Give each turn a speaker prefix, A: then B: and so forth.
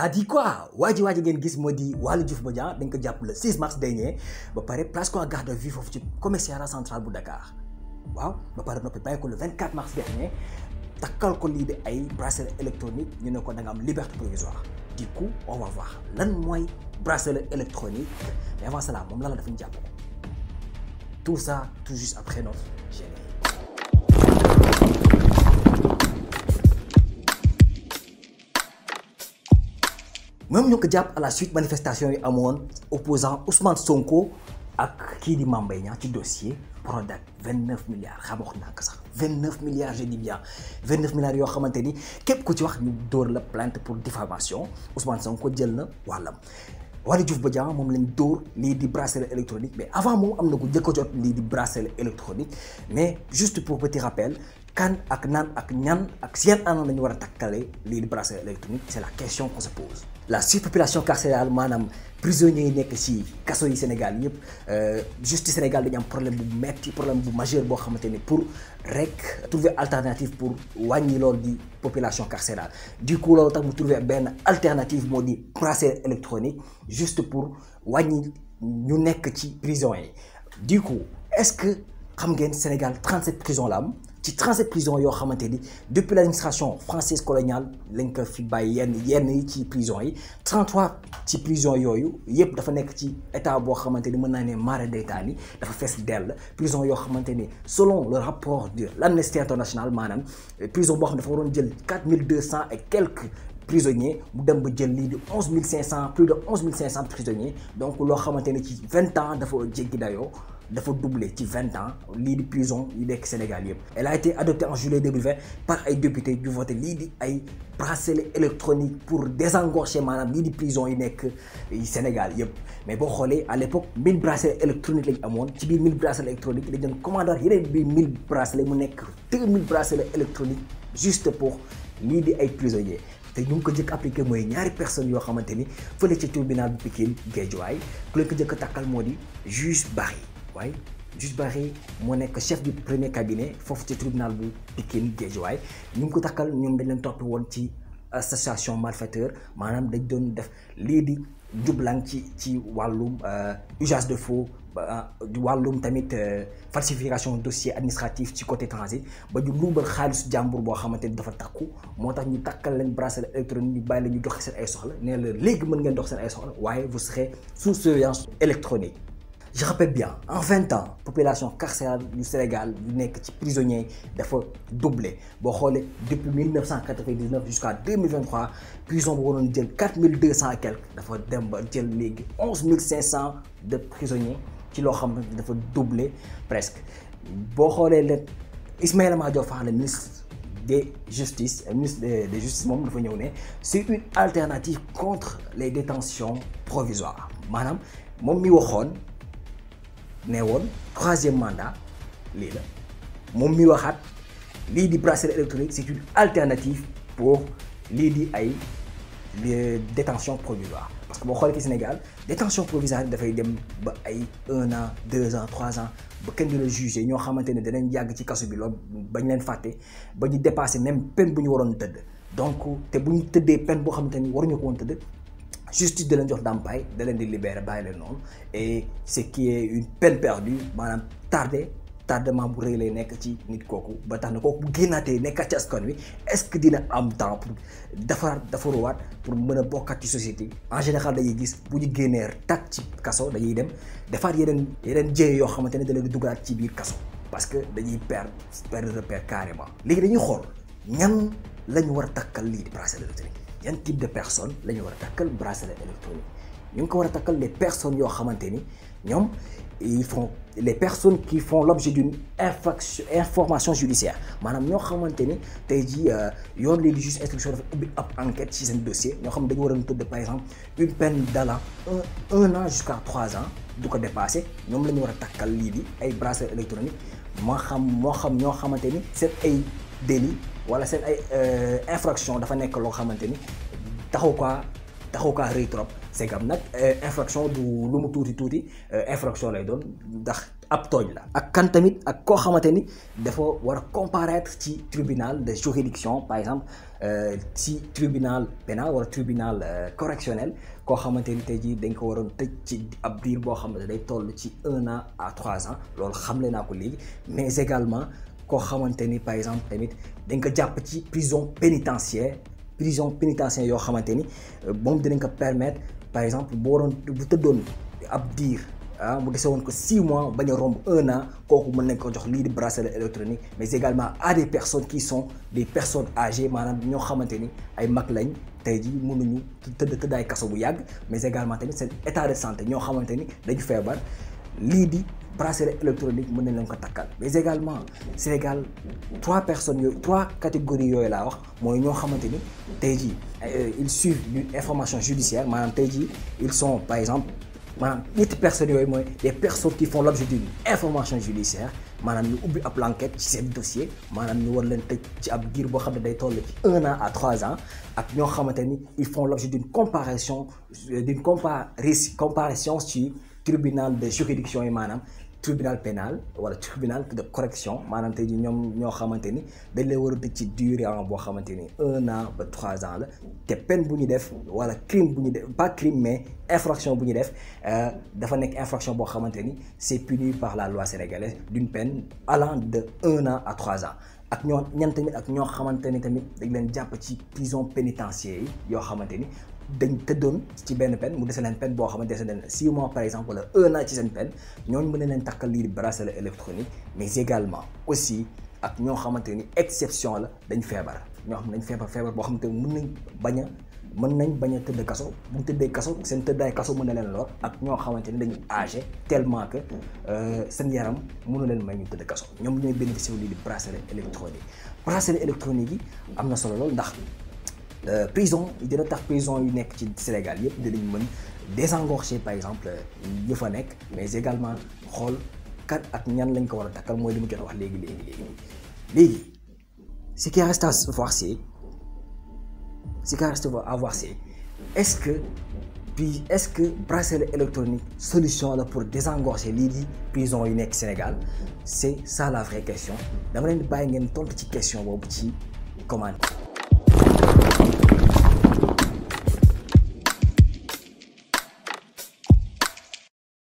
A: ça dit quoi waa waa ji ngeen gis moo di Waly Diouf Bodian dañ ko jàpp le 6 mars dernier ba pare place ko en garde à vue foofu ci commissariat central bu Dakar waaw ba pare noppi bàyyi ko le 24 mars dernier takkal ko lii di ay bracelet électronique ñu ne ko da am liberté provisoire du coup on va voir lan mooy bracelet électronique mais avant cela moom la la dafa ñu jàpp ko tout ça tout juste après notre moom ñu ngi ko jàpp à la suite manifestation yi amoon opposant Ousmane Sonko ak kii di Mame yi ñaax ci dossier Prodac vingt neuf milliards xam wax naa ko sax vingt neuf milliards je dis bien vingt neuf milliards yoo xamante ni képp ku ci wax ñu dóor la plainte pour diffamation Ousmane Sonko jël na wàllam Waly ba Bodian moom lañ dóor lii di bracelet électronique mais avant moom am na ku jëkk a jot lii di bracelet électronique mais juste pour petit rappel kan ak naan ak ñan ak seen anoon war a takkale lii di bracelet électronique la question qu'on la surpopulation carcérale maanaam prisonniers yi nekk ci kaso yi Sénégal ñëpp euh, justice Sénégal dañu am problème bu metti problème bu majeur boo xamante ni pour rek trouver alternative pour wàññi loolu di population carcérale du coup loolu tax mu trouver benn alternative moo di bracelet électronique juste pour wàññi ñu nekk ci prison yi du coup est-ce que xam ngeen Sénégal 37 prison la am ci 37 prisons yoo xamante ni depuis l'administration française coloniale lañ ko fi bàyyi yenn yenn yi ci prison yi 33 ci prison yooyu yëpp dafa nekk ci état boo xamante ni mën naa ne mara daytaan yi dafa fees dell prison yoo xamante ni selon le rapport de l'Amnesty International maanaam eh, prison boo xam ne dafa waroon jël 4200 et quelque prisonniers mu dem ba jël lii di cent plus de onze cent prisonniers donc loo xamante ne ci vingt ans dafa jéggi dayoo dafa doublé ci vingt ans lii di prison yi nekk Sénégal yëpp elle a été adoptée en juillet 2020 par ay député yu voté lii di ay bracelet électronique pour désengorger maanaam lii di prison yi nekk Sénégal yëpp mais boo xoolee à l'époque mille bracelet électronique lañ amoon ci biir mille bracelet électronique lañ doon yeneen bi mille bracelet mu nekk deux mille bracelet ay prisonniers te ñu ngi ko jëkk appliqué mooy ñaari personnes yoo xamante ni fële ci tribunal bu Pikine Guédiawaye ku leen ko jëkk takkal moo di juge Barry waaye juge Barry moo nekk chef du premier cabinet foofu ci tribunal bu Pikine Guédiawaye ñu ngi ko takkal ñoom dañ leen topp woon ci euh, association malfaiteur maanaam dañ doon def lii di jublang ci ci wàllum euh, usage de faux euh, wàllum tamit euh, falsification dossier administratif ci côté transit ba ju luubal xaalisu jàmbur boo xamante ni dafa takku moo tax ñu takkal leen bracelet électronique ñu bàyyi la ñu dox seen ay soxla nee la léegi mën ngeen dox seen ay soxla waaye vous serez sous surveillance électronique je répète bien en vingt ans population carcérale du Sénégal yu nekk ci prisonniers dafa doublé boo xoolee depuis mille neuf cent quatre-vingt-dix-neuf jusqu'à deux mille vingt prison bu waroon jël quatre mille deux cent et quelques dafa dem ba jël léegi onze mille cinq cent de prisonniers ci loo xam ne dafa doublé presque boo xoolee leen Ismaïla Madior Fall le ministre des justice ministre des justice moom dafa ñëw ne c'est une alternative contre les détentions provisoires maanaam moom mi waxoon nee woon troisième mandat lii la moom mi waxaat lii di bracelet électronique c'est une alternative pour lii di ay détention provisoire parce que boo xoolee ci Sénégal détention provisoire dafay dem ba ay un an deux ans trois ans ba kenn du la jugé ñoo xamante ne danañ yàgg ci kaso bi lool bañ leen fàtte ba ñu dépassé même peine bu ñu waroon tëdd donc te bu ñu tëddee pen boo xamante ni waruñu ko woon tëdd justice da leen jox ndàmpaay da leen di libérer bàyyi leen noonu et ce qui est une peine perdue maanaam tardé tardement bu rëy lay nekk ci nit kooku ba tax na kooku bu génnaatee nekkaat ci askan wi es ce que dina am temps defar defaraat defaruwaat pour mën a bokkaat ci société en général dañuy gis bu ñu génnee tag ci kaso dañuy dem defaat yeneen yeneen jéye yoo xamante ne da leen ci biir kaso parce que dañuy perdre perdre repère carrément léegi dañuy xool ñan lañu war a takkal lii yan type de personnes la ñu war a takkal bracelet électronique ñu ngi ko war a takkal les personnes yoo xamante ni ñoom ils font les personnes qui font l'objet d'une infraction information judiciaire maanaam ñoo xamante ni tey jii euh, yoon léegi juge instruction dafa ubbi ab enquête ci seen dossier ñoo xam dañu war a tëdd par exemple une peine d'allant un an jusqu'à trois ans du ko dépassé ñoom la ñu war a takkal lii di ay bracelet électronique moo xam moo xam ñoo xamante ni c'est ay délit wala seen ay euh, infraction dafa nekk loo xamante ni taxu kaa taxu kaa rëy trop segam nag euh, infraction du lu mu tuuti tuuti euh, infraction lay doon ndax ab tooñ la ak kan tamit ak koo xamante ni dafa war a comparaître ci tribunal de juridiction par exemple ci tribunal pénal wala tribunal correctionnel koo xamante ni tey jii dañ ko a tëj ci ab diir boo xam ne day toll ci un an à trois ans loolu xamle naa ko léegi mais également koo xamante ni par exemple tamit dañ ko jàpp ci prison pénitentiaire prison pénitentiaire yoo xamante ni euh, moom dinañ ko permettre par exemple boo waroon bu tëddoon ab diir ah mu dese woon ko six mois bañ a romb un an kooku mën nañ ko jox lii di bracelet électronique mais également à des personnes qui sont des personnes âgées maanaam ñoo xamante ni ay mag lañ tey jii mënuñu tëdd tëddaay kaso bu yàgg mais également tamit seen état de santé ñoo xamante ni dañu feebar lii di. bracelet électronique mën nañ leen ko takkal mais également Sénégal trois personnes yooyu trois catégories yooyu laa wax mooy ñoo xamante ni tey jii euh, ils suivent une information judiciaire maanaam tey jii ils sont par exemple maanaam ñetti personnes yooyu mooy des personnes qui font l'objet d'une information judiciaire maanaam ñu ubbi ab l'enquête ci seen dossier maanaam ñu war leen tëj ci ab giir boo xam ne day toll ci un an à trois an ak ñoo xamante ni ils font l'objet d'une comparaison euh, d'une comparaison ci tribunal de juridiction yi maanaam tribunal pénal wala tribunal de correction maanaam tey ñoom ñoo xamante ni dañ lay war a tëj ci durée en boo xamante ni un an ba trois la te peine bu ñu def wala crime bu ñu def pas mais infraction bu ñu def euh, dafa nekk infraction boo xamante ni c'est puni par la loi sénégalaise d'une peine allant de un an à trois ans ak ñoo ñan ak ñoo xamante ni tamit dañ leen jàpp ci prison pénitentiaire yi yoo xamante ni dañ tëddoon ci benn peine mu dese leen peine boo xamante ne leen six mois par exemple wala un an ci seen peine ñooñu mën na leen takkal lii di bracelet électronique mais également aussi ak ñoo xamante ni exception la dañ feebar ñoo xam nañ feebar feebar boo xamante ni mën nañ bañ mën nañ bañ a kaso bu ñu tëddee kaso seen tëddaay kaso mën na leen lor ak ñoo xamante ni dañu âgé tellement que euh, seen yaram mënu leen may ñu tëdd kaso ñoom ñooy bénéficié wu lii di bracelet électronique bracelet électronique yi am na solo loolu ndax prison dina tax prison yu nekk ci Sénégal yëpp dinañ mën désengorger par exemple ñu fa nekk mais également xool kan ak ñan lañ ko war a takkal mooy li mu jot wax léegi léegi léegi léegi ce qui reste à voir c'est ce qui reste voir c'est est-ce que puis est-ce que bracelet électronique solution la pour désengorger lii di prison yu nekk Sénégal c'est ça la vraie question dama leen bàyyi ngeen tontu ci question boobu ci comment